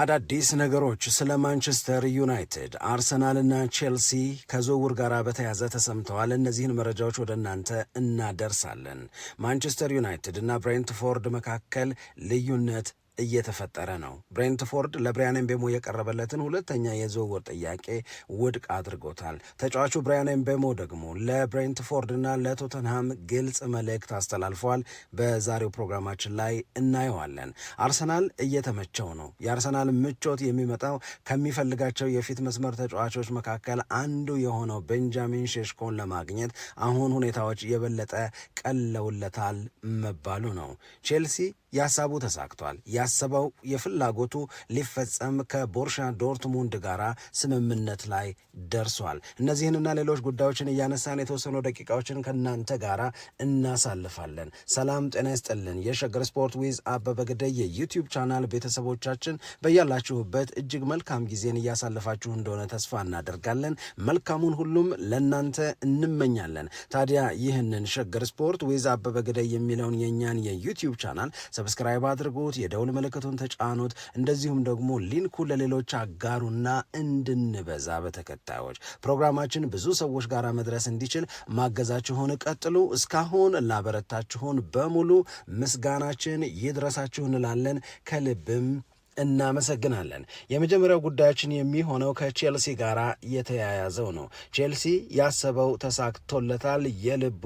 አዳዲስ ነገሮች ስለ ማንቸስተር ዩናይትድ፣ አርሰናልና ቼልሲ ከዝውውር ጋር በተያዘ ተሰምተዋል። እነዚህን መረጃዎች ወደ እናንተ እናደርሳለን። ማንቸስተር ዩናይትድ እና ብሬንትፎርድ መካከል ልዩነት እየተፈጠረ ነው። ብሬንትፎርድ ለብሪያን ኤምቤሞ የቀረበለትን ሁለተኛ የዝውውር ጥያቄ ውድቅ አድርጎታል። ተጫዋቹ ብሪያን ኤምቤሞ ደግሞ ለብሬንትፎርድ እና ለቶተንሃም ግልጽ መልእክት አስተላልፏል። በዛሬው ፕሮግራማችን ላይ እናየዋለን። አርሰናል እየተመቸው ነው። የአርሰናል ምቾት የሚመጣው ከሚፈልጋቸው የፊት መስመር ተጫዋቾች መካከል አንዱ የሆነው ቤንጃሚን ሼሽኮን ለማግኘት አሁን ሁኔታዎች የበለጠ ቀለውለታል መባሉ ነው። ቼልሲ ያሳቡ ተሳክቷል። ያሰበው የፍላጎቱ ሊፈጸም ከቦርሻ ዶርትሙንድ ጋር ስምምነት ላይ ደርሷል። እነዚህንና ሌሎች ጉዳዮችን እያነሳን የተወሰኑ ደቂቃዎችን ከእናንተ ጋር እናሳልፋለን። ሰላም ጤና ይስጥልን። የሸገር ስፖርት ዊዝ አበበ ግደይ የዩቲዩብ ቻናል ቤተሰቦቻችን በያላችሁበት እጅግ መልካም ጊዜን እያሳለፋችሁ እንደሆነ ተስፋ እናደርጋለን። መልካሙን ሁሉም ለእናንተ እንመኛለን። ታዲያ ይህንን ሸገር ስፖርት ዊዝ አበበ ግደይ የሚለውን የእኛን የዩቲዩብ ቻናል ሰብስክራይብ አድርጉት፣ የደውል የሙን መለከቱን ተጫኑት። እንደዚሁም ደግሞ ሊንኩ ለሌሎች አጋሩና እንድንበዛ በተከታዮች ፕሮግራማችን ብዙ ሰዎች ጋር መድረስ እንዲችል ማገዛችሁን ቀጥሉ። እስካሁን ላበረታችሁን በሙሉ ምስጋናችን ይድረሳችሁ እንላለን ከልብም እናመሰግናለን። የመጀመሪያው ጉዳያችን የሚሆነው ከቼልሲ ጋር የተያያዘው ነው። ቼልሲ ያሰበው ተሳክቶለታል፣ የልቡ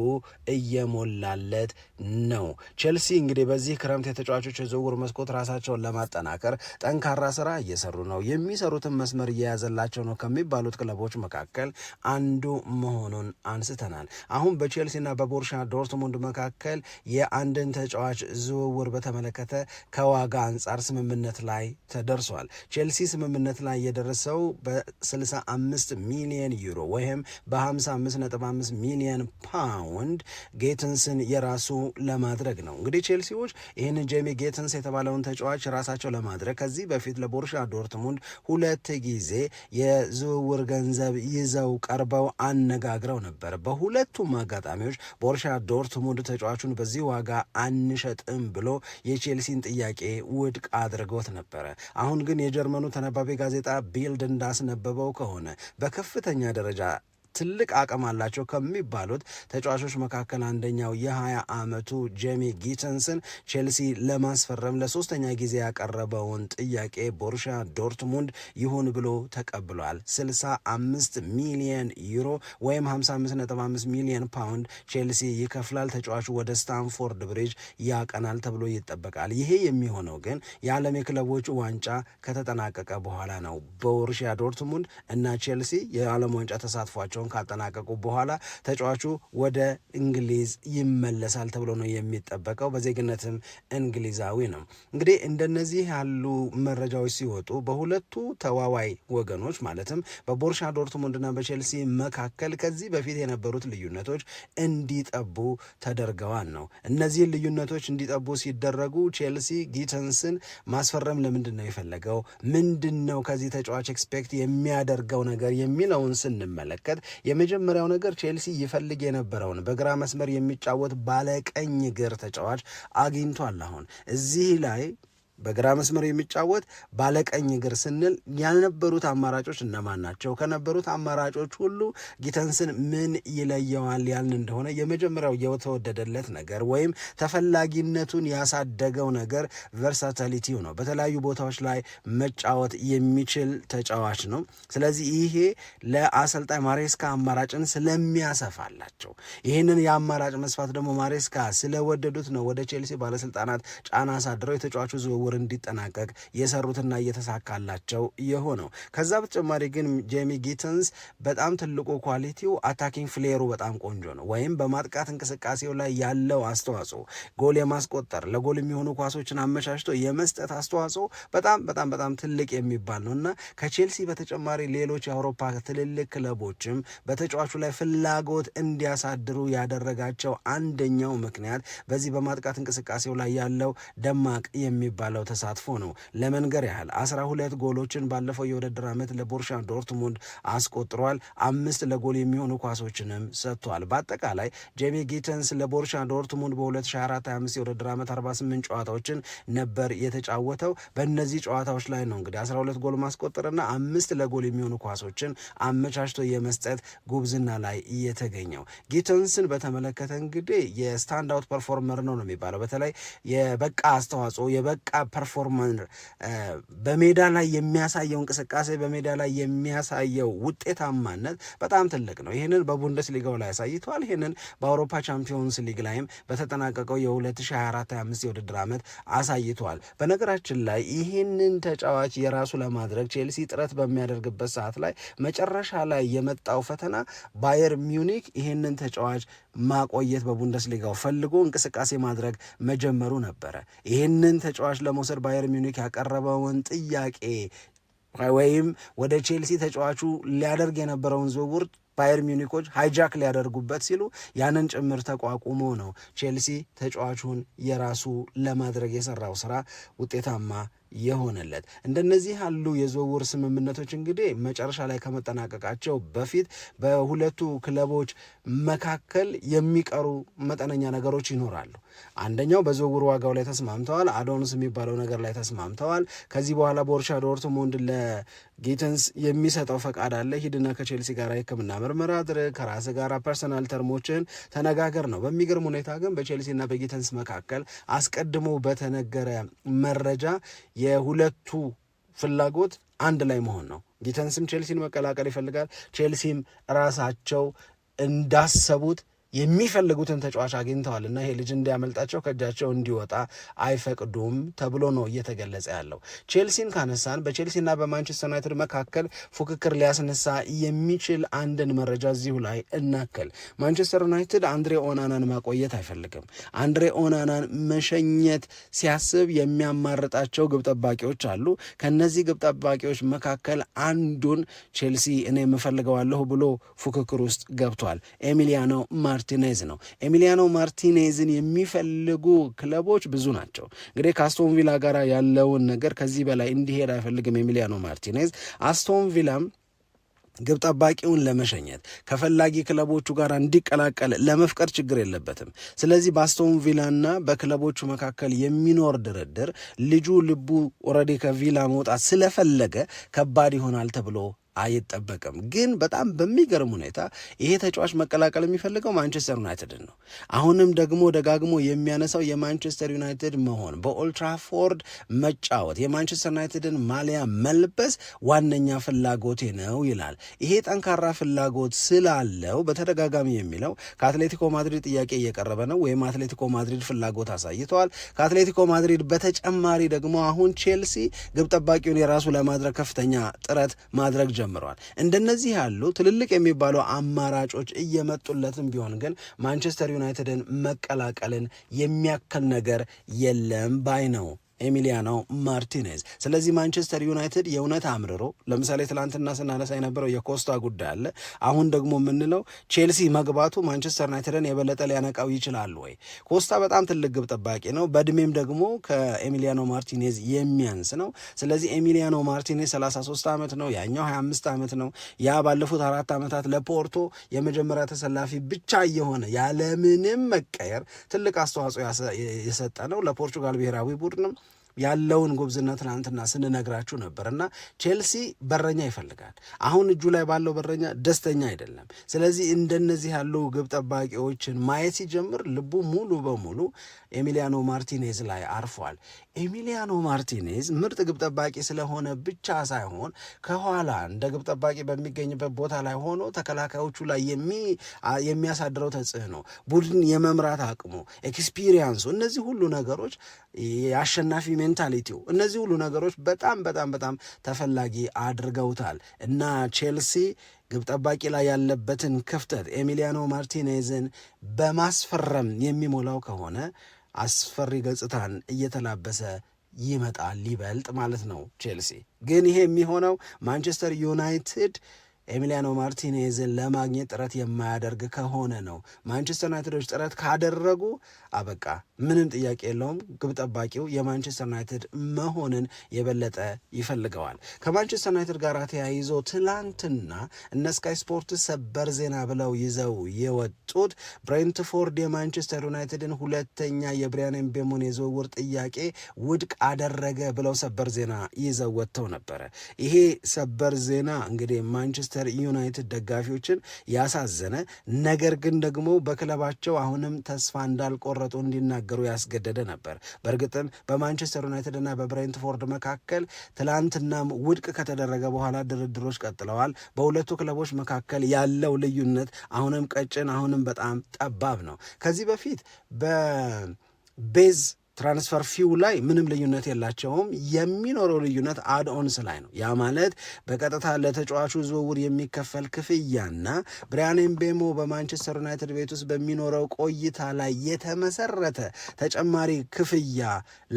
እየሞላለት ነው። ቼልሲ እንግዲህ በዚህ ክረምት የተጫዋቾች የዝውውር መስኮት ራሳቸውን ለማጠናከር ጠንካራ ስራ እየሰሩ ነው። የሚሰሩትን መስመር እየያዘላቸው ነው ከሚባሉት ክለቦች መካከል አንዱ መሆኑን አንስተናል። አሁን በቼልሲና በቦርሻ ዶርትሙንድ መካከል የአንድን ተጫዋች ዝውውር በተመለከተ ከዋጋ አንጻር ስምምነት ላይ ላይ ተደርሷል። ቼልሲ ስምምነት ላይ የደረሰው በ65 ሚሊየን ዩሮ ወይም በ55.5 ሚሊየን ፓውንድ ጌትንስን የራሱ ለማድረግ ነው። እንግዲህ ቼልሲዎች ይህን ጄሚ ጌትንስ የተባለውን ተጫዋች ራሳቸው ለማድረግ ከዚህ በፊት ለቦርሻ ዶርትሙንድ ሁለት ጊዜ የዝውውር ገንዘብ ይዘው ቀርበው አነጋግረው ነበር። በሁለቱም አጋጣሚዎች ቦርሻ ዶርትሙንድ ተጫዋቹን በዚህ ዋጋ አንሸጥም ብሎ የቼልሲን ጥያቄ ውድቅ አድርጎት ነበር። ነበረ። አሁን ግን የጀርመኑ ተነባቢ ጋዜጣ ቢልድ እንዳስነበበው ከሆነ በከፍተኛ ደረጃ ትልቅ አቅም አላቸው ከሚባሉት ተጫዋቾች መካከል አንደኛው የ20 ዓመቱ ጄሚ ጊተንስን ቼልሲ ለማስፈረም ለሶስተኛ ጊዜ ያቀረበውን ጥያቄ ቦሩሺያ ዶርትሙንድ ይሁን ብሎ ተቀብሏል። 65 ሚሊየን ዩሮ ወይም 55.5 ሚሊየን ፓውንድ ቼልሲ ይከፍላል። ተጫዋቹ ወደ ስታንፎርድ ብሪጅ ያቀናል ተብሎ ይጠበቃል። ይሄ የሚሆነው ግን የዓለም የክለቦች ዋንጫ ከተጠናቀቀ በኋላ ነው። ቦሩሺያ ዶርትሙንድ እና ቼልሲ የዓለም ዋንጫ ተሳትፏቸው ጨዋታቸውን ካጠናቀቁ በኋላ ተጫዋቹ ወደ እንግሊዝ ይመለሳል ተብሎ ነው የሚጠበቀው። በዜግነትም እንግሊዛዊ ነው። እንግዲህ እንደነዚህ ያሉ መረጃዎች ሲወጡ በሁለቱ ተዋዋይ ወገኖች ማለትም በቦርሻ ዶርትሙንድና በቼልሲ መካከል ከዚህ በፊት የነበሩት ልዩነቶች እንዲጠቡ ተደርገዋል ነው። እነዚህን ልዩነቶች እንዲጠቡ ሲደረጉ ቼልሲ ጊተንስን ማስፈረም ለምንድን ነው የፈለገው? ምንድን ነው ከዚህ ተጫዋች ኤክስፔክት የሚያደርገው ነገር የሚለውን ስንመለከት የመጀመሪያው ነገር ቼልሲ ይፈልግ የነበረውን በግራ መስመር የሚጫወት ባለቀኝ እግር ተጫዋች አግኝቷል። አሁን እዚህ ላይ በግራ መስመር የሚጫወት ባለቀኝ እግር ስንል ያልነበሩት አማራጮች እነማን ናቸው? ከነበሩት አማራጮች ሁሉ ጊተንስን ምን ይለየዋል ያልን እንደሆነ የመጀመሪያው የተወደደለት ነገር ወይም ተፈላጊነቱን ያሳደገው ነገር ቨርሳታሊቲው ነው። በተለያዩ ቦታዎች ላይ መጫወት የሚችል ተጫዋች ነው። ስለዚህ ይሄ ለአሰልጣኝ ማሬስካ አማራጭን ስለሚያሰፋላቸው ይህንን የአማራጭ መስፋት ደግሞ ማሬስካ ስለወደዱት ነው ወደ ቼልሲ ባለስልጣናት ጫና አሳድረው የተጫዋቹ ዝውውር ዝውውር እንዲጠናቀቅ የሰሩትና እየተሳካላቸው የሆነው። ከዛ በተጨማሪ ግን ጄሚ ጊትንስ በጣም ትልቁ ኳሊቲው አታኪንግ ፍሌሩ በጣም ቆንጆ ነው፣ ወይም በማጥቃት እንቅስቃሴው ላይ ያለው አስተዋጽኦ ጎል የማስቆጠር ለጎል የሚሆኑ ኳሶችን አመቻችቶ የመስጠት አስተዋጽኦ በጣም በጣም በጣም ትልቅ የሚባል ነው እና ከቼልሲ በተጨማሪ ሌሎች የአውሮፓ ትልልቅ ክለቦችም በተጫዋቹ ላይ ፍላጎት እንዲያሳድሩ ያደረጋቸው አንደኛው ምክንያት በዚህ በማጥቃት እንቅስቃሴው ላይ ያለው ደማቅ የሚባል ያለው ተሳትፎ ነው። ለመንገር ያህል አስራ ሁለት ጎሎችን ባለፈው የውድድር ዓመት ለቦርሻ ዶርትሙንድ አስቆጥሯል። አምስት ለጎል የሚሆኑ ኳሶችንም ሰጥቷል። በአጠቃላይ ጄሚ ጊተንስ ለቦርሻ ዶርትሙንድ በ2024/25 የውድድር ዓመት 48 ጨዋታዎችን ነበር የተጫወተው። በእነዚህ ጨዋታዎች ላይ ነው እንግዲህ 12 ጎል ማስቆጠርና አምስት ለጎል የሚሆኑ ኳሶችን አመቻችቶ የመስጠት ጉብዝና ላይ እየተገኘው ጊተንስን በተመለከተ እንግዲህ የስታንድ አውት ፐርፎርመር ነው ነው የሚባለው በተለይ የበቃ አስተዋጽኦ የበቃ ፐርፎርመንስ በሜዳ ላይ የሚያሳየው እንቅስቃሴ በሜዳ ላይ የሚያሳየው ውጤታማነት በጣም ትልቅ ነው። ይህንን ሊጋው ላይ አሳይተዋል። ይህንን በአውሮፓ ቻምፒዮንስ ሊግ ላይም በተጠናቀቀው የ2024/25 የውድድር ዓመት አሳይተዋል። በነገራችን ላይ ይህንን ተጫዋች የራሱ ለማድረግ ቼልሲ ጥረት በሚያደርግበት ሰዓት ላይ መጨረሻ ላይ የመጣው ፈተና ባየር ሚኒክ ይህንን ተጫዋች ማቆየት በቡንደስ ሊጋው ፈልጎ እንቅስቃሴ ማድረግ መጀመሩ ነበረ። ይህንን ተጫዋች ለመውሰድ ባየር ሚኒክ ያቀረበውን ጥያቄ ወይም ወደ ቼልሲ ተጫዋቹ ሊያደርግ የነበረውን ዝውውር ባየር ሚኒኮች ሃይጃክ ሊያደርጉበት ሲሉ ያንን ጭምር ተቋቁሞ ነው ቼልሲ ተጫዋቹን የራሱ ለማድረግ የሰራው ስራ ውጤታማ የሆነለት። እንደነዚህ ያሉ የዝውውር ስምምነቶች እንግዲህ መጨረሻ ላይ ከመጠናቀቃቸው በፊት በሁለቱ ክለቦች መካከል የሚቀሩ መጠነኛ ነገሮች ይኖራሉ። አንደኛው በዝውውር ዋጋው ላይ ተስማምተዋል። አዶንስ የሚባለው ነገር ላይ ተስማምተዋል። ከዚህ በኋላ ቦርሻ ዶርትሙንድ ለጌተንስ የሚሰጠው ፈቃድ አለ። ሂድና ከቼልሲ ጋር የሕክምና ምርመራ አድርግ፣ ከራስ ጋር ፐርሰናል ተርሞችን ተነጋገር ነው። በሚገርም ሁኔታ ግን በቼልሲና በጌተንስ መካከል አስቀድሞ በተነገረ መረጃ የሁለቱ ፍላጎት አንድ ላይ መሆን ነው። ጊተንስም ቼልሲን መቀላቀል ይፈልጋል። ቼልሲም ራሳቸው እንዳሰቡት የሚፈልጉትን ተጫዋች አግኝተዋል እና ይሄ ልጅ እንዲያመልጣቸው ከእጃቸው እንዲወጣ አይፈቅዱም ተብሎ ነው እየተገለጸ ያለው። ቼልሲን ካነሳን በቼልሲና በማንቸስተር ዩናይትድ መካከል ፉክክር ሊያስነሳ የሚችል አንድን መረጃ እዚሁ ላይ እናክል። ማንቸስተር ዩናይትድ አንድሬ ኦናናን ማቆየት አይፈልግም። አንድሬ ኦናናን መሸኘት ሲያስብ የሚያማርጣቸው ግብ ጠባቂዎች አሉ። ከነዚህ ግብ ጠባቂዎች መካከል አንዱን ቼልሲ እኔ የምፈልገዋለሁ ብሎ ፉክክር ውስጥ ገብቷል። ኤሚሊያኖ ማር ማርቲኔዝ ነው። ኤሚሊያኖ ማርቲኔዝን የሚፈልጉ ክለቦች ብዙ ናቸው። እንግዲህ ከአስቶን ቪላ ጋር ያለውን ነገር ከዚህ በላይ እንዲሄድ አይፈልግም ኤሚሊያኖ ማርቲኔዝ። አስቶን ቪላም ግብ ጠባቂውን ለመሸኘት ከፈላጊ ክለቦቹ ጋር እንዲቀላቀል ለመፍቀድ ችግር የለበትም። ስለዚህ በአስቶን ቪላና በክለቦቹ መካከል የሚኖር ድርድር ልጁ ልቡ ኦልሬዲ ከቪላ መውጣት ስለፈለገ ከባድ ይሆናል ተብሎ አይጠበቅም። ግን በጣም በሚገርም ሁኔታ ይሄ ተጫዋች መቀላቀል የሚፈልገው ማንቸስተር ዩናይትድን ነው። አሁንም ደግሞ ደጋግሞ የሚያነሳው የማንቸስተር ዩናይትድ መሆን፣ በኦልትራፎርድ መጫወት፣ የማንቸስተር ዩናይትድን ማሊያ መልበስ ዋነኛ ፍላጎቴ ነው ይላል። ይሄ ጠንካራ ፍላጎት ስላለው በተደጋጋሚ የሚለው ከአትሌቲኮ ማድሪድ ጥያቄ እየቀረበ ነው ወይም አትሌቲኮ ማድሪድ ፍላጎት አሳይተዋል። ከአትሌቲኮ ማድሪድ በተጨማሪ ደግሞ አሁን ቼልሲ ግብ ጠባቂውን የራሱ ለማድረግ ከፍተኛ ጥረት ማድረግ ጀምረዋል። እንደነዚህ ያሉ ትልልቅ የሚባሉ አማራጮች እየመጡለትም ቢሆን ግን ማንቸስተር ዩናይትድን መቀላቀልን የሚያክል ነገር የለም ባይ ነው። ኤሚሊያኖ ማርቲኔዝ። ስለዚህ ማንቸስተር ዩናይትድ የእውነት አምርሮ ለምሳሌ ትላንትና ስናነሳ የነበረው የኮስታ ጉዳይ አለ። አሁን ደግሞ የምንለው ቼልሲ መግባቱ ማንቸስተር ዩናይትድን የበለጠ ሊያነቃው ይችላል ወይ? ኮስታ በጣም ትልቅ ግብ ጠባቂ ነው። በእድሜም ደግሞ ከኤሚሊያኖ ማርቲኔዝ የሚያንስ ነው። ስለዚህ ኤሚሊያኖ ማርቲኔዝ 33 ዓመት ነው፣ ያኛው 25 ዓመት ነው። ያ ባለፉት አራት ዓመታት ለፖርቶ የመጀመሪያ ተሰላፊ ብቻ የሆነ ያለምንም መቀየር ትልቅ አስተዋጽኦ የሰጠ ነው ለፖርቹጋል ብሔራዊ ቡድንም ያለውን ጉብዝና ትናንትና ስንነግራችሁ ነበር እና ቼልሲ በረኛ ይፈልጋል። አሁን እጁ ላይ ባለው በረኛ ደስተኛ አይደለም። ስለዚህ እንደነዚህ ያሉ ግብ ጠባቂዎችን ማየት ሲጀምር ልቡ ሙሉ በሙሉ ኤሚሊያኖ ማርቲኔዝ ላይ አርፏል። ኤሚሊያኖ ማርቲኔዝ ምርጥ ግብ ጠባቂ ስለሆነ ብቻ ሳይሆን ከኋላ እንደ ግብ ጠባቂ በሚገኝበት ቦታ ላይ ሆኖ ተከላካዮቹ ላይ የሚያሳድረው ተጽዕኖ፣ ቡድን የመምራት አቅሙ፣ ኤክስፒሪየንሱ እነዚህ ሁሉ ነገሮች የአሸናፊ ሜንታሊቲው፣ እነዚህ ሁሉ ነገሮች በጣም በጣም በጣም ተፈላጊ አድርገውታል እና ቼልሲ ግብ ጠባቂ ላይ ያለበትን ክፍተት ኤሚሊያኖ ማርቲኔዝን በማስፈረም የሚሞላው ከሆነ አስፈሪ ገጽታን እየተላበሰ ይመጣል ይበልጥ ማለት ነው። ቼልሲ ግን ይሄ የሚሆነው ማንቸስተር ዩናይትድ ኤሚሊያኖ ማርቲኔዝን ለማግኘት ጥረት የማያደርግ ከሆነ ነው። ማንቸስተር ዩናይትዶች ጥረት ካደረጉ አበቃ፣ ምንም ጥያቄ የለውም። ግብ ጠባቂው የማንቸስተር ዩናይትድ መሆንን የበለጠ ይፈልገዋል። ከማንቸስተር ዩናይትድ ጋር ተያይዞ ትላንትና እነ ስካይ ስፖርት ሰበር ዜና ብለው ይዘው የወጡት ብሬንትፎርድ የማንቸስተር ዩናይትድን ሁለተኛ የብሪያን ምቤሞን የዝውውር ጥያቄ ውድቅ አደረገ ብለው ሰበር ዜና ይዘው ወጥተው ነበረ። ይሄ ሰበር ዜና እንግዲህ ማንቸስተር ማንቸስተር ዩናይትድ ደጋፊዎችን ያሳዘነ ነገር ግን ደግሞ በክለባቸው አሁንም ተስፋ እንዳልቆረጡ እንዲናገሩ ያስገደደ ነበር። በእርግጥም በማንቸስተር ዩናይትድ እና በብሬንትፎርድ መካከል ትላንትናም ውድቅ ከተደረገ በኋላ ድርድሮች ቀጥለዋል። በሁለቱ ክለቦች መካከል ያለው ልዩነት አሁንም ቀጭን፣ አሁንም በጣም ጠባብ ነው። ከዚህ በፊት በቤዝ ትራንስፈር ፊው ላይ ምንም ልዩነት የላቸውም። የሚኖረው ልዩነት አድኦንስ ላይ ነው። ያ ማለት በቀጥታ ለተጫዋቹ ዝውውር የሚከፈል ክፍያና ብሪያን ምቤሞ በማንቸስተር ዩናይትድ ቤት ውስጥ በሚኖረው ቆይታ ላይ የተመሰረተ ተጨማሪ ክፍያ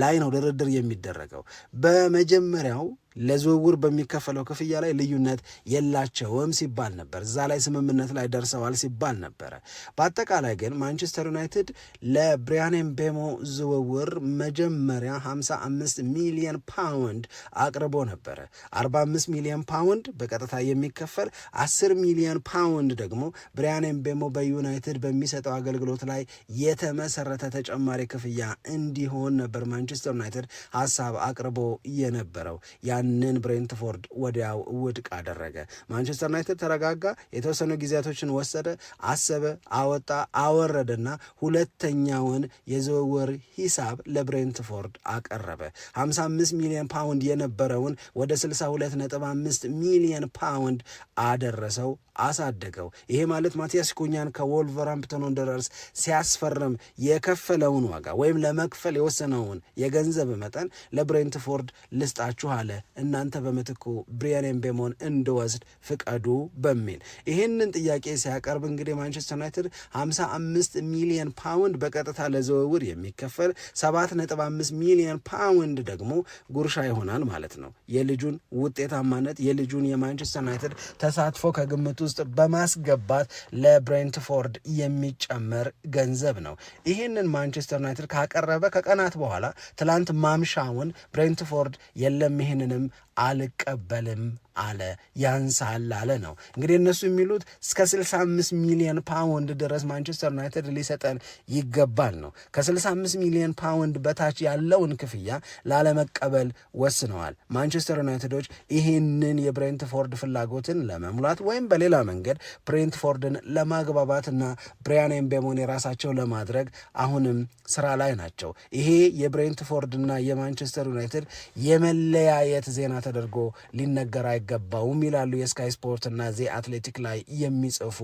ላይ ነው ድርድር የሚደረገው በመጀመሪያው ለዝውውር በሚከፈለው ክፍያ ላይ ልዩነት የላቸውም ሲባል ነበር። እዛ ላይ ስምምነት ላይ ደርሰዋል ሲባል ነበረ። በአጠቃላይ ግን ማንቸስተር ዩናይትድ ለብሪያን ቤሞ ዝውውር መጀመሪያ 55 ሚሊዮን ፓውንድ አቅርቦ ነበረ። 45 ሚሊዮን ፓውንድ በቀጥታ የሚከፈል 10 ሚሊዮን ፓውንድ ደግሞ ብሪያን ቤሞ በዩናይትድ በሚሰጠው አገልግሎት ላይ የተመሰረተ ተጨማሪ ክፍያ እንዲሆን ነበር ማንቸስተር ዩናይትድ ሀሳብ አቅርቦ የነበረው ያን ያንን ብሬንትፎርድ ወዲያው ውድቅ አደረገ። ማንቸስተር ዩናይትድ ተረጋጋ፣ የተወሰኑ ጊዜያቶችን ወሰደ፣ አሰበ፣ አወጣ፣ አወረደና ሁለተኛውን የዝውውር ሂሳብ ለብሬንትፎርድ አቀረበ። 55 ሚሊዮን ፓውንድ የነበረውን ወደ 62.5 ሚሊዮን ፓውንድ አደረሰው፣ አሳደገው። ይሄ ማለት ማቲያስ ኩኛን ከወልቨርሃምፕተን ወንደረርስ ሲያስፈርም የከፈለውን ዋጋ ወይም ለመክፈል የወሰነውን የገንዘብ መጠን ለብሬንትፎርድ ልስጣችሁ አለ እናንተ በምትኩ ብሪያን ኤምቤሞን እንድወስድ ፍቀዱ በሚል ይህንን ጥያቄ ሲያቀርብ እንግዲህ ማንቸስተር ዩናይትድ 55 ሚሊዮን ፓውንድ በቀጥታ ለዝውውር የሚከፈል 7.5 ሚሊዮን ፓውንድ ደግሞ ጉርሻ ይሆናል ማለት ነው። የልጁን ውጤታማነት የልጁን የማንቸስተር ዩናይትድ ተሳትፎ ከግምት ውስጥ በማስገባት ለብሬንትፎርድ የሚጨመር ገንዘብ ነው። ይህንን ማንቸስተር ዩናይትድ ካቀረበ ከቀናት በኋላ ትላንት ማምሻውን ብሬንትፎርድ የለም ይህንንም አልቀበልም አለ ያንሳል አለ ነው እንግዲህ እነሱ የሚሉት እስከ 65 ሚሊዮን ፓውንድ ድረስ ማንቸስተር ዩናይትድ ሊሰጠን ይገባል ነው። ከ65 ሚሊዮን ፓውንድ በታች ያለውን ክፍያ ላለመቀበል ወስነዋል። ማንቸስተር ዩናይትዶች ይህንን የብሬንትፎርድ ፍላጎትን ለመሙላት ወይም በሌላ መንገድ ብሬንትፎርድን ለማግባባትና ብሪያን ኤምቤሞን የራሳቸው ለማድረግ አሁንም ስራ ላይ ናቸው። ይሄ የብሬንትፎርድና የማንቸስተር ዩናይትድ የመለያየት ዜና ተደርጎ ሊነገር አይገባውም ይላሉ የስካይ ስፖርት እና ዜ አትሌቲክ ላይ የሚጽፉ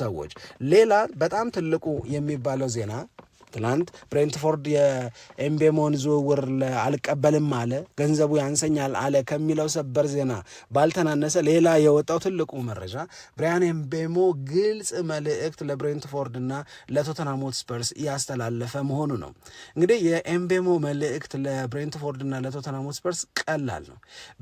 ሰዎች። ሌላ በጣም ትልቁ የሚባለው ዜና ትናንት ብሬንትፎርድ የኤምቤሞን ዝውውር አልቀበልም አለ፣ ገንዘቡ ያንሰኛል አለ ከሚለው ሰበር ዜና ባልተናነሰ ሌላ የወጣው ትልቁ መረጃ ብሪያን ኤምቤሞ ግልጽ መልእክት ለብሬንትፎርድና ለቶተንሃም ሆትስፐርስ እያስተላለፈ መሆኑ ነው። እንግዲህ የኤምቤሞ መልእክት ለብሬንትፎርድና ለቶተንሃም ሆትስፐርስ ቀላል ነው።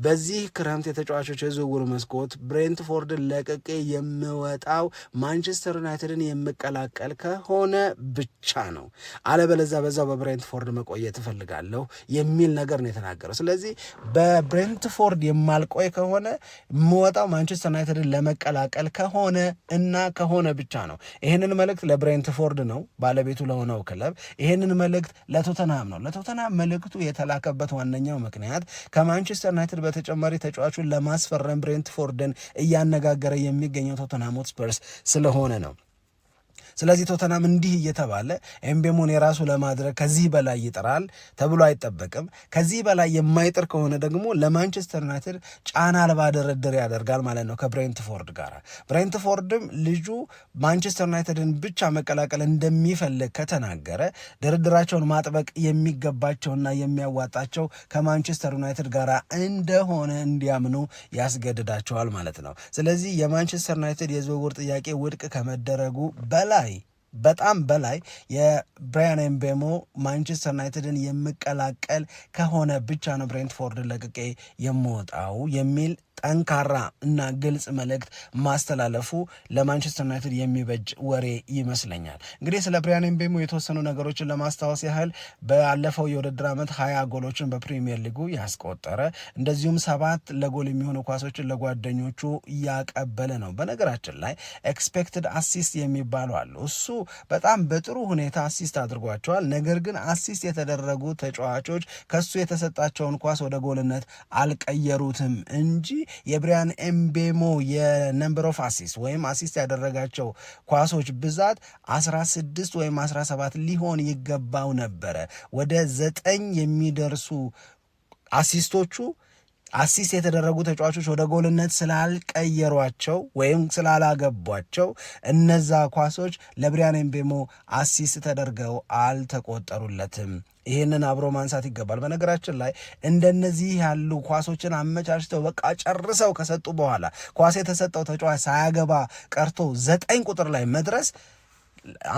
በዚህ ክረምት የተጫዋቾች የዝውውር መስኮት ብሬንትፎርድን ለቅቄ የምወጣው ማንቸስተር ዩናይትድን የምቀላቀል ከሆነ ብቻ ነው። አለበለዚያ በዛው በብሬንትፎርድ መቆየት እፈልጋለሁ የሚል ነገር ነው የተናገረው። ስለዚህ በብሬንትፎርድ የማልቆይ ከሆነ የምወጣው ማንቸስተር ዩናይትድን ለመቀላቀል ከሆነ እና ከሆነ ብቻ ነው። ይህንን መልእክት ለብሬንትፎርድ ነው ባለቤቱ ለሆነው ክለብ፣ ይህንን መልእክት ለቶተናም ነው። ለቶተናም መልእክቱ የተላከበት ዋነኛው ምክንያት ከማንቸስተር ዩናይትድ በተጨማሪ ተጫዋቹን ለማስፈረም ብሬንትፎርድን እያነጋገረ የሚገኘው ቶተናም ሆትስፐርስ ስለሆነ ነው። ስለዚህ ቶተናም እንዲህ እየተባለ ኤምቤሞን የራሱ ለማድረግ ከዚህ በላይ ይጥራል ተብሎ አይጠበቅም። ከዚህ በላይ የማይጥር ከሆነ ደግሞ ለማንቸስተር ዩናይትድ ጫና አልባ ድርድር ያደርጋል ማለት ነው ከብሬንትፎርድ ጋር። ብሬንትፎርድም ልጁ ማንቸስተር ዩናይትድን ብቻ መቀላቀል እንደሚፈልግ ከተናገረ ድርድራቸውን ማጥበቅ የሚገባቸውና የሚያዋጣቸው ከማንቸስተር ዩናይትድ ጋር እንደሆነ እንዲያምኑ ያስገድዳቸዋል ማለት ነው። ስለዚህ የማንቸስተር ዩናይትድ የዝውውር ጥያቄ ውድቅ ከመደረጉ በላይ በጣም በላይ የብራያን ኤምቤሞ ማንቸስተር ዩናይትድን የምቀላቀል ከሆነ ብቻ ነው ብሬንትፎርድን ለቅቄ የምወጣው የሚል ጠንካራ እና ግልጽ መልእክት ማስተላለፉ ለማንቸስተር ዩናይትድ የሚበጅ ወሬ ይመስለኛል። እንግዲህ ስለ ብሪያን ምቤሞ የተወሰኑ ነገሮችን ለማስታወስ ያህል ባለፈው የውድድር ዓመት ሀያ ጎሎችን በፕሪሚየር ሊጉ ያስቆጠረ እንደዚሁም ሰባት ለጎል የሚሆኑ ኳሶችን ለጓደኞቹ ያቀበለ ነው። በነገራችን ላይ ኤክስፔክትድ አሲስት የሚባሉ አሉ። እሱ በጣም በጥሩ ሁኔታ አሲስት አድርጓቸዋል። ነገር ግን አሲስት የተደረጉ ተጫዋቾች ከሱ የተሰጣቸውን ኳስ ወደ ጎልነት አልቀየሩትም እንጂ የብሪያን ኤምቤሞ የነምበር ኦፍ አሲስት ወይም አሲስት ያደረጋቸው ኳሶች ብዛት 16 ወይም 17 ሊሆን ይገባው ነበረ። ወደ ዘጠኝ የሚደርሱ አሲስቶቹ አሲስት የተደረጉ ተጫዋቾች ወደ ጎልነት ስላልቀየሯቸው ወይም ስላላገቧቸው እነዛ ኳሶች ለብሪያን ኤምቤሞ አሲስት ተደርገው አልተቆጠሩለትም። ይህንን አብሮ ማንሳት ይገባል። በነገራችን ላይ እንደነዚህ ያሉ ኳሶችን አመቻችተው በቃ ጨርሰው ከሰጡ በኋላ ኳስ የተሰጠው ተጫዋች ሳያገባ ቀርቶ ዘጠኝ ቁጥር ላይ መድረስ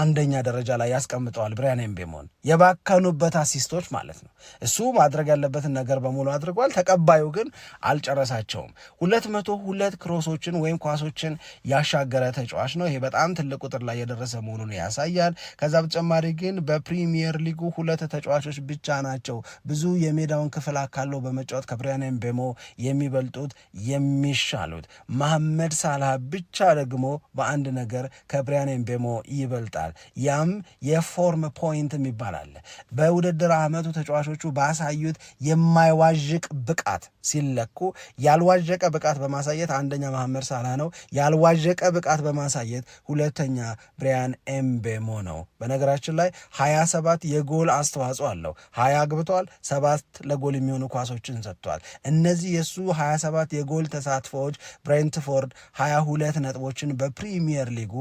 አንደኛ ደረጃ ላይ ያስቀምጠዋል። ብሪያን ኤምቤሞን የባከኑበት አሲስቶች ማለት ነው። እሱ ማድረግ ያለበትን ነገር በሙሉ አድርጓል። ተቀባዩ ግን አልጨረሳቸውም። ሁለት መቶ ሁለት ክሮሶችን ወይም ኳሶችን ያሻገረ ተጫዋች ነው። ይሄ በጣም ትልቅ ቁጥር ላይ የደረሰ መሆኑን ያሳያል። ከዛ በተጨማሪ ግን በፕሪሚየር ሊጉ ሁለት ተጫዋቾች ብቻ ናቸው ብዙ የሜዳውን ክፍል አካለው በመጫወት ከብሪያን ኤምቤሞ የሚበልጡት የሚሻሉት። መሐመድ ሳላህ ብቻ ደግሞ በአንድ ነገር ከብሪያን ኤምቤሞ ይበ ይበልጣል። ያም የፎርም ፖይንትም ይባላል። በውድድር ዓመቱ ተጫዋቾቹ ባሳዩት የማይዋዥቅ ብቃት ሲለኩ ያልዋዠቀ ብቃት በማሳየት አንደኛ መሐመድ ሳላ ነው። ያልዋዠቀ ብቃት በማሳየት ሁለተኛ ብሪያን ኤምቤሞ ነው። በነገራችን ላይ ሀያ ሰባት የጎል አስተዋጽኦ አለው። ሀያ አግብቷል። ሰባት ለጎል የሚሆኑ ኳሶችን ሰጥቷል። እነዚህ የእሱ ሀያ ሰባት የጎል ተሳትፎዎች ብሬንትፎርድ ሀያ ሁለት ነጥቦችን በፕሪሚየር ሊጉ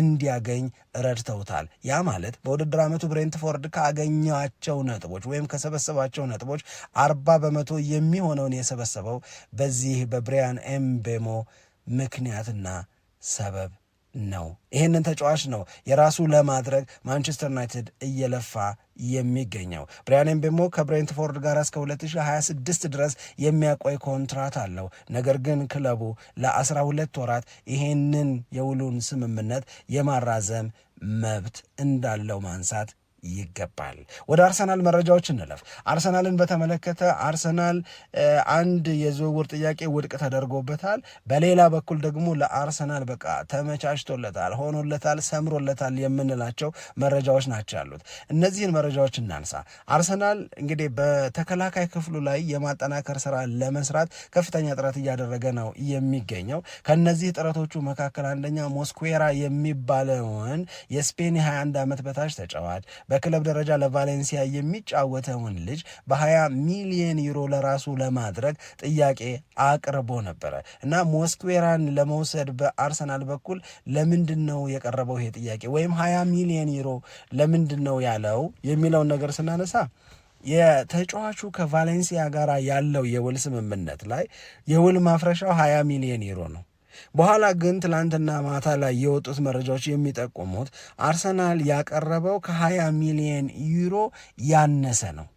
እንዲያገኝ ረድተውታል። ያ ማለት በውድድር ዓመቱ ብሬንትፎርድ ካገኛቸው ነጥቦች ወይም ከሰበሰባቸው ነጥቦች አርባ በመቶ የሚሆነውን የሰበሰበው በዚህ በብሪያን ኤምቤሞ ምክንያትና ሰበብ ነው። ይህንን ተጫዋች ነው የራሱ ለማድረግ ማንቸስተር ዩናይትድ እየለፋ የሚገኘው። ብሪያን ኤምቤሞ ከብሬንትፎርድ ጋር እስከ 2026 ድረስ የሚያቆይ ኮንትራት አለው። ነገር ግን ክለቡ ለ12 ወራት ይሄንን የውሉን ስምምነት የማራዘም መብት እንዳለው ማንሳት ይገባል። ወደ አርሰናል መረጃዎች እንለፍ። አርሰናልን በተመለከተ አርሰናል አንድ የዝውውር ጥያቄ ውድቅ ተደርጎበታል። በሌላ በኩል ደግሞ ለአርሰናል በቃ ተመቻችቶለታል፣ ሆኖለታል፣ ሰምሮለታል የምንላቸው መረጃዎች ናቸው ያሉት። እነዚህን መረጃዎች እናንሳ። አርሰናል እንግዲህ በተከላካይ ክፍሉ ላይ የማጠናከር ስራ ለመስራት ከፍተኛ ጥረት እያደረገ ነው የሚገኘው። ከነዚህ ጥረቶቹ መካከል አንደኛ ሞስኩዌራ የሚባለውን የስፔን የ21 ዓመት በታች ተጫዋች በክለብ ደረጃ ለቫሌንሲያ የሚጫወተውን ልጅ በ20 ሚሊየን ዩሮ ለራሱ ለማድረግ ጥያቄ አቅርቦ ነበረ እና ሞስኩዌራን ለመውሰድ በአርሰናል በኩል ለምንድን ነው የቀረበው ይሄ ጥያቄ ወይም 20 ሚሊየን ዩሮ ለምንድን ነው ያለው የሚለውን ነገር ስናነሳ የተጫዋቹ ከቫሌንሲያ ጋር ያለው የውል ስምምነት ላይ የውል ማፍረሻው 20 ሚሊየን ዩሮ ነው። በኋላ ግን ትላንትና ማታ ላይ የወጡት መረጃዎች የሚጠቁሙት አርሰናል ያቀረበው ከ20 ሚሊዮን ዩሮ ያነሰ ነው።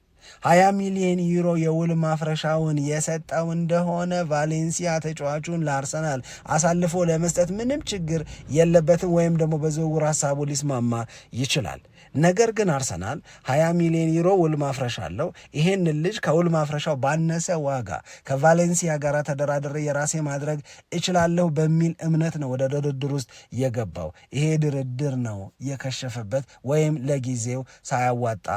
ሀያ ሚሊዮን ዩሮ የውል ማፍረሻውን የሰጠው እንደሆነ ቫሌንሲያ ተጫዋቹን ለአርሰናል አሳልፎ ለመስጠት ምንም ችግር የለበትም፣ ወይም ደግሞ በዝውውር ሀሳቡ ሊስማማ ይችላል። ነገር ግን አርሰናል 20 ሚሊዮን ዩሮ ውል ማፍረሻ አለው። ይህን ልጅ ከውል ማፍረሻው ባነሰ ዋጋ ከቫሌንሲያ ጋር ተደራድሬ የራሴ ማድረግ እችላለሁ በሚል እምነት ነው ወደ ድርድር ውስጥ የገባው። ይሄ ድርድር ነው የከሸፈበት ወይም ለጊዜው ሳያዋጣ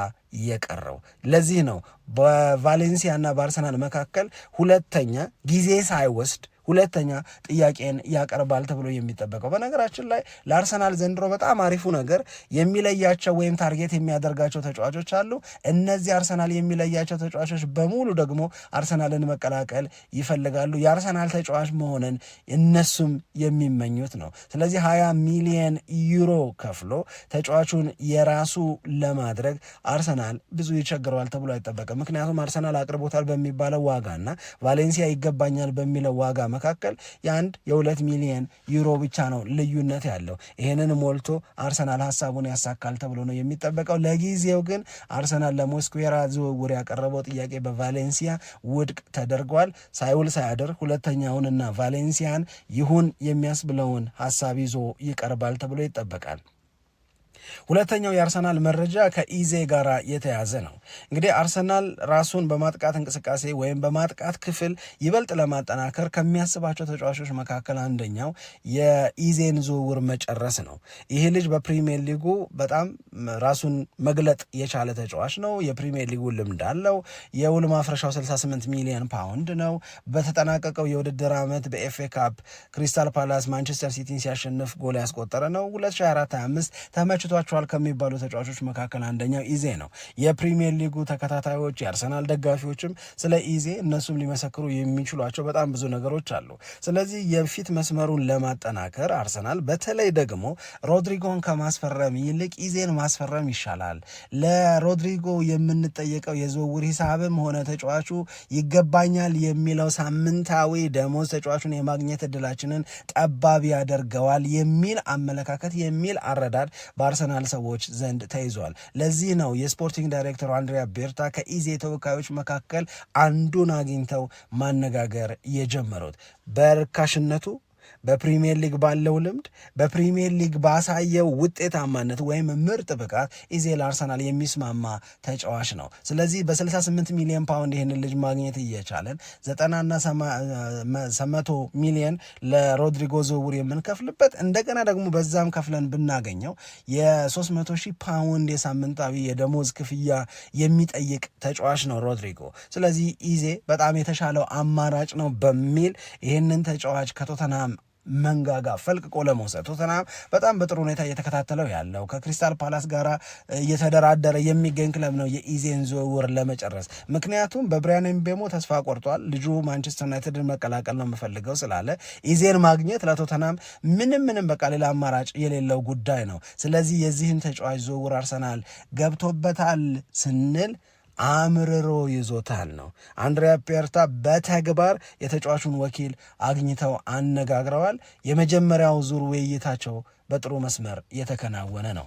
የቀረው። ለዚህ ነው በቫሌንሲያና በአርሰናል መካከል ሁለተኛ ጊዜ ሳይወስድ ሁለተኛ ጥያቄን ያቀርባል ተብሎ የሚጠበቀው። በነገራችን ላይ ለአርሰናል ዘንድሮ በጣም አሪፉ ነገር የሚለያቸው ወይም ታርጌት የሚያደርጋቸው ተጫዋቾች አሉ። እነዚህ አርሰናል የሚለያቸው ተጫዋቾች በሙሉ ደግሞ አርሰናልን መቀላቀል ይፈልጋሉ። የአርሰናል ተጫዋች መሆንን እነሱም የሚመኙት ነው። ስለዚህ ሀያ ሚሊየን ዩሮ ከፍሎ ተጫዋቹን የራሱ ለማድረግ አርሰናል ብዙ ይቸግረዋል ተብሎ አይጠበቅም። ምክንያቱም አርሰናል አቅርቦታል በሚባለው ዋጋና ቫሌንሲያ ይገባኛል በሚለው ዋጋ መካከል የአንድ የሁለት ሚሊየን ዩሮ ብቻ ነው ልዩነት ያለው። ይህንን ሞልቶ አርሰናል ሀሳቡን ያሳካል ተብሎ ነው የሚጠበቀው። ለጊዜው ግን አርሰናል ለሞስኩዌራ ዝውውር ያቀረበው ጥያቄ በቫሌንሲያ ውድቅ ተደርጓል። ሳይውል ሳያድር ሁለተኛውንና ቫሌንሲያን ይሁን የሚያስብለውን ሀሳብ ይዞ ይቀርባል ተብሎ ይጠበቃል። ሁለተኛው የአርሰናል መረጃ ከኢዜ ጋር የተያዘ ነው። እንግዲህ አርሰናል ራሱን በማጥቃት እንቅስቃሴ ወይም በማጥቃት ክፍል ይበልጥ ለማጠናከር ከሚያስባቸው ተጫዋቾች መካከል አንደኛው የኢዜን ዝውውር መጨረስ ነው። ይህ ልጅ በፕሪሚየር ሊጉ በጣም ራሱን መግለጥ የቻለ ተጫዋች ነው። የፕሪሚየር ሊጉ ልምድ አለው። የውል ማፍረሻው 68 ሚሊዮን ፓውንድ ነው። በተጠናቀቀው የውድድር ዓመት በኤፍኤ ካፕ ክሪስታል ፓላስ ማንቸስተር ሲቲን ሲያሸንፍ ጎል ያስቆጠረ ነው። 2024/25 ይዟቸዋል ከሚባሉ ተጫዋቾች መካከል አንደኛው ኢዜ ነው። የፕሪሚየር ሊጉ ተከታታዮች፣ የአርሰናል ደጋፊዎችም ስለ ኢዜ እነሱም ሊመሰክሩ የሚችሏቸው በጣም ብዙ ነገሮች አሉ። ስለዚህ የፊት መስመሩን ለማጠናከር አርሰናል በተለይ ደግሞ ሮድሪጎን ከማስፈረም ይልቅ ኢዜን ማስፈረም ይሻላል። ለሮድሪጎ የምንጠየቀው የዝውውር ሂሳብም ሆነ ተጫዋቹ ይገባኛል የሚለው ሳምንታዊ ደሞዝ ተጫዋቹን የማግኘት እድላችንን ጠባብ ያደርገዋል የሚል አመለካከት የሚል አረዳድ በአርሰናል በአርሰናል ሰዎች ዘንድ ተይዟል። ለዚህ ነው የስፖርቲንግ ዳይሬክተሩ አንድሪያ ቤርታ ከኢዜ ተወካዮች መካከል አንዱን አግኝተው ማነጋገር የጀመሩት በርካሽነቱ በፕሪሚየር ሊግ ባለው ልምድ በፕሪሚየር ሊግ ባሳየው ውጤታማነት ወይም ምርጥ ብቃት ኢዜ ለአርሰናል የሚስማማ ተጫዋች ነው። ስለዚህ በ68 ሚሊዮን ፓውንድ ይህንን ልጅ ማግኘት እየቻለን ዘጠናና መቶ ሚሊዮን ለሮድሪጎ ዝውውር የምንከፍልበት እንደገና ደግሞ በዛም ከፍለን ብናገኘው የ300 ሺህ ፓውንድ የሳምንታዊ የደሞዝ ክፍያ የሚጠይቅ ተጫዋች ነው ሮድሪጎ። ስለዚህ ኢዜ በጣም የተሻለው አማራጭ ነው በሚል ይህንን ተጫዋች ከቶተናም መንጋጋ ፈልቅቆ ለመውሰድ ቶተናም በጣም በጥሩ ሁኔታ እየተከታተለው ያለው ከክሪስታል ፓላስ ጋር እየተደራደረ የሚገኝ ክለብ ነው የኢዜን ዝውውር ለመጨረስ። ምክንያቱም በብሪያን ኤምቤሞ ተስፋ ቆርጧል። ልጁ ማንቸስተር ዩናይትድን መቀላቀል ነው የምፈልገው ስላለ ኢዜን ማግኘት ለቶተናም ምንም ምንም በቃ ሌላ አማራጭ የሌለው ጉዳይ ነው። ስለዚህ የዚህን ተጫዋች ዝውውር አርሰናል ገብቶበታል ስንል አምርሮ ይዞታል ነው። አንድሪያ ፔርታ በተግባር የተጫዋቹን ወኪል አግኝተው አነጋግረዋል። የመጀመሪያው ዙር ውይይታቸው በጥሩ መስመር የተከናወነ ነው።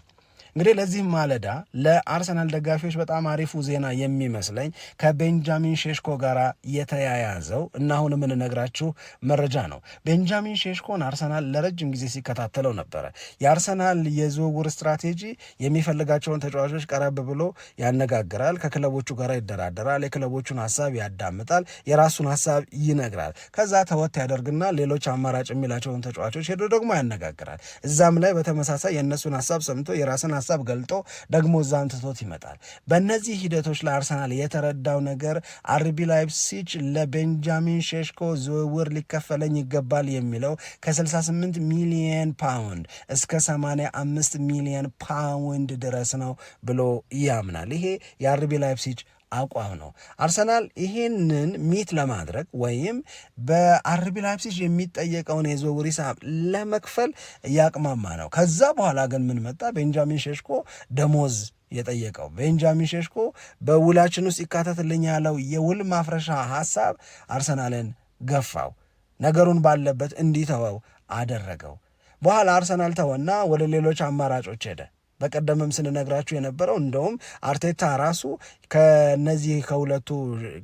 እንግዲህ ለዚህ ማለዳ ለአርሰናል ደጋፊዎች በጣም አሪፉ ዜና የሚመስለኝ ከቤንጃሚን ሼሽኮ ጋር የተያያዘው እና አሁን የምንነግራችሁ መረጃ ነው። ቤንጃሚን ሼሽኮን አርሰናል ለረጅም ጊዜ ሲከታተለው ነበረ። የአርሰናል የዝውውር ስትራቴጂ የሚፈልጋቸውን ተጫዋቾች ቀረብ ብሎ ያነጋግራል፣ ከክለቦቹ ጋር ይደራደራል፣ የክለቦቹን ሀሳብ ያዳምጣል፣ የራሱን ሀሳብ ይነግራል። ከዛ ተወት ያደርግና ሌሎች አማራጭ የሚላቸውን ተጫዋቾች ሄዶ ደግሞ ያነጋግራል። እዛም ላይ በተመሳሳይ የእነሱን ሀሳብ ሰምቶ የራስን ሀሳብ ገልጦ ደግሞ እዛን ትቶት ይመጣል። በእነዚህ ሂደቶች ላይ አርሰናል የተረዳው ነገር አርቢ ላይፕሲች ለቤንጃሚን ሼሽኮ ዝውውር ሊከፈለኝ ይገባል የሚለው ከ68 ሚሊየን ፓውንድ እስከ 85 ሚሊየን ፓውንድ ድረስ ነው ብሎ ያምናል። ይሄ የአርቢ ላይፕሲች አቋም ነው። አርሰናል ይሄንን ሚት ለማድረግ ወይም በአርቢ ላይፕሲጅ የሚጠየቀውን የዝውውር ሂሳብ ለመክፈል እያቅማማ ነው። ከዛ በኋላ ግን ምን መጣ? ቤንጃሚን ሸሽኮ ደሞዝ የጠየቀው ቤንጃሚን ሸሽኮ በውላችን ውስጥ ይካተትልኝ ያለው የውል ማፍረሻ ሀሳብ አርሰናልን ገፋው፣ ነገሩን ባለበት እንዲተወው አደረገው። በኋላ አርሰናል ተወና ወደ ሌሎች አማራጮች ሄደ። በቀደምም ስንነግራችሁ የነበረው እንደውም አርቴታ ራሱ ከነዚህ ከሁለቱ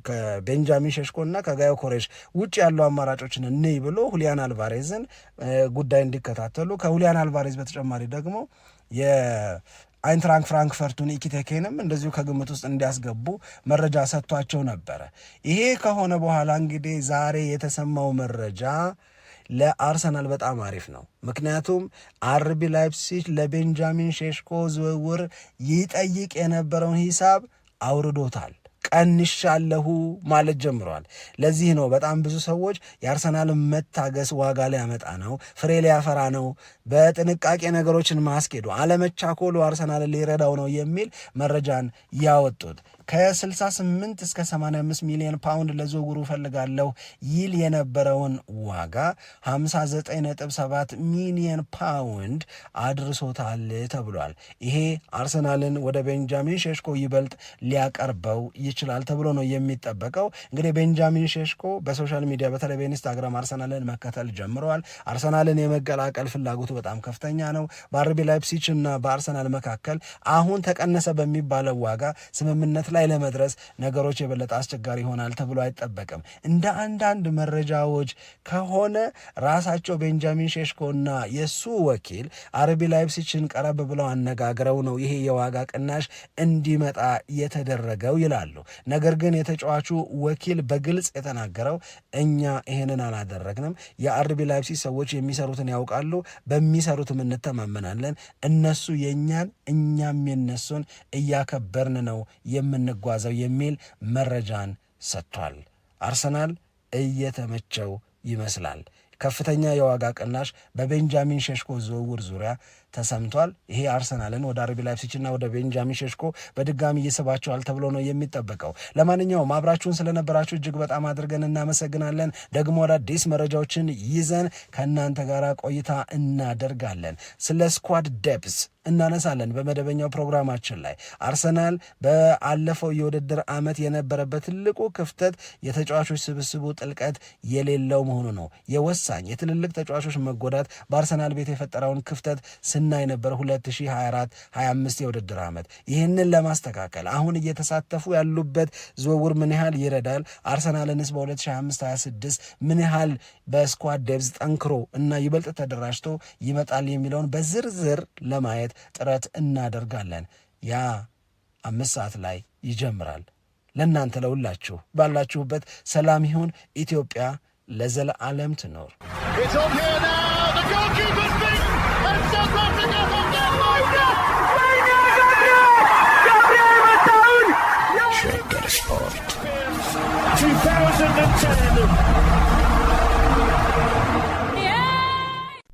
ከቤንጃሚን ሸሽኮ እና ከጋዮ ኮሬሽ ውጭ ያሉ አማራጮችን እንይ ብሎ ሁሊያን አልቫሬዝን ጉዳይ እንዲከታተሉ ከሁሊያን አልቫሬዝ በተጨማሪ ደግሞ አይንትራንክ ፍራንክፈርቱን ኢኪቴኬንም እንደዚሁ ከግምት ውስጥ እንዲያስገቡ መረጃ ሰጥቷቸው ነበረ። ይሄ ከሆነ በኋላ እንግዲህ ዛሬ የተሰማው መረጃ ለአርሰናል በጣም አሪፍ ነው። ምክንያቱም አርቢ ላይፕሲች ለቤንጃሚን ሼሽኮ ዝውውር ይጠይቅ የነበረውን ሂሳብ አውርዶታል፣ ቀንሻለሁ ማለት ጀምረዋል። ለዚህ ነው በጣም ብዙ ሰዎች የአርሰናልን መታገስ ዋጋ ሊያመጣ ነው፣ ፍሬ ሊያፈራ ነው፣ በጥንቃቄ ነገሮችን ማስኬዱ አለመቻኮሉ አርሰናልን ሊረዳው ነው የሚል መረጃን ያወጡት። ከ68 እስከ 85 ሚሊዮን ፓውንድ ለዝውውሩ ፈልጋለሁ ይል የነበረውን ዋጋ 59.7 ሚሊዮን ፓውንድ አድርሶታል ተብሏል። ይሄ አርሰናልን ወደ ቤንጃሚን ሼሽኮ ይበልጥ ሊያቀርበው ይችላል ተብሎ ነው የሚጠበቀው። እንግዲህ ቤንጃሚን ሼሽኮ በሶሻል ሚዲያ በተለይ በኢንስታግራም አርሰናልን መከተል ጀምረዋል። አርሰናልን የመቀላቀል ፍላጎቱ በጣም ከፍተኛ ነው። በአርቢ ላይፕሲች እና በአርሰናል መካከል አሁን ተቀነሰ በሚባለው ዋጋ ስምምነት ላይ ላይ ለመድረስ ነገሮች የበለጠ አስቸጋሪ ይሆናል ተብሎ አይጠበቅም። እንደ አንዳንድ መረጃዎች ከሆነ ራሳቸው ቤንጃሚን ና የእሱ ወኪል አርቢ ላይፕሲችን ቀረብ ብለው አነጋግረው ነው ይሄ የዋጋ ቅናሽ እንዲመጣ የተደረገው ይላሉ። ነገር ግን የተጫዋቹ ወኪል በግልጽ የተናገረው እኛ ይሄንን አላደረግንም፣ የአርቢ ላይፕሲች ሰዎች የሚሰሩትን ያውቃሉ፣ በሚሰሩትም እንተማመናለን። እነሱ የእኛን እኛም የነሱን እያከበርን ነው የምን የምንጓዘው የሚል መረጃን ሰጥቷል። አርሰናል እየተመቸው ይመስላል። ከፍተኛ የዋጋ ቅናሽ በቤንጃሚን ሸሽኮ ዝውውር ዙሪያ ተሰምቷል። ይሄ አርሰናልን ወደ አርቢ ላይፕሲችና ወደ ቤንጃሚን ሸሽኮ በድጋሚ ይስባቸዋል ተብሎ ነው የሚጠበቀው። ለማንኛውም አብራችሁን ስለነበራችሁ እጅግ በጣም አድርገን እናመሰግናለን። ደግሞ አዳዲስ መረጃዎችን ይዘን ከእናንተ ጋር ቆይታ እናደርጋለን። ስለ ስኳድ ደፕስ እናነሳለን በመደበኛው ፕሮግራማችን ላይ። አርሰናል በአለፈው የውድድር ዓመት የነበረበት ትልቁ ክፍተት የተጫዋቾች ስብስቡ ጥልቀት የሌለው መሆኑ ነው። የወሳኝ የትልልቅ ተጫዋቾች መጎዳት በአርሰናል ቤት የፈጠረውን ክፍተት ስናይ ነበር 2024 25 የውድድር ዓመት። ይህንን ለማስተካከል አሁን እየተሳተፉ ያሉበት ዝውውር ምን ያህል ይረዳል? አርሰናልንስ በ2025 26 ምን ያህል በስኳድ ደብዝ ጠንክሮ እና ይበልጥ ተደራጅቶ ይመጣል የሚለውን በዝርዝር ለማየት ጥረት እናደርጋለን። ያ አምስት ሰዓት ላይ ይጀምራል። ለእናንተ ለሁላችሁ ባላችሁበት ሰላም ይሁን። ኢትዮጵያ ለዘለዓለም ትኖር።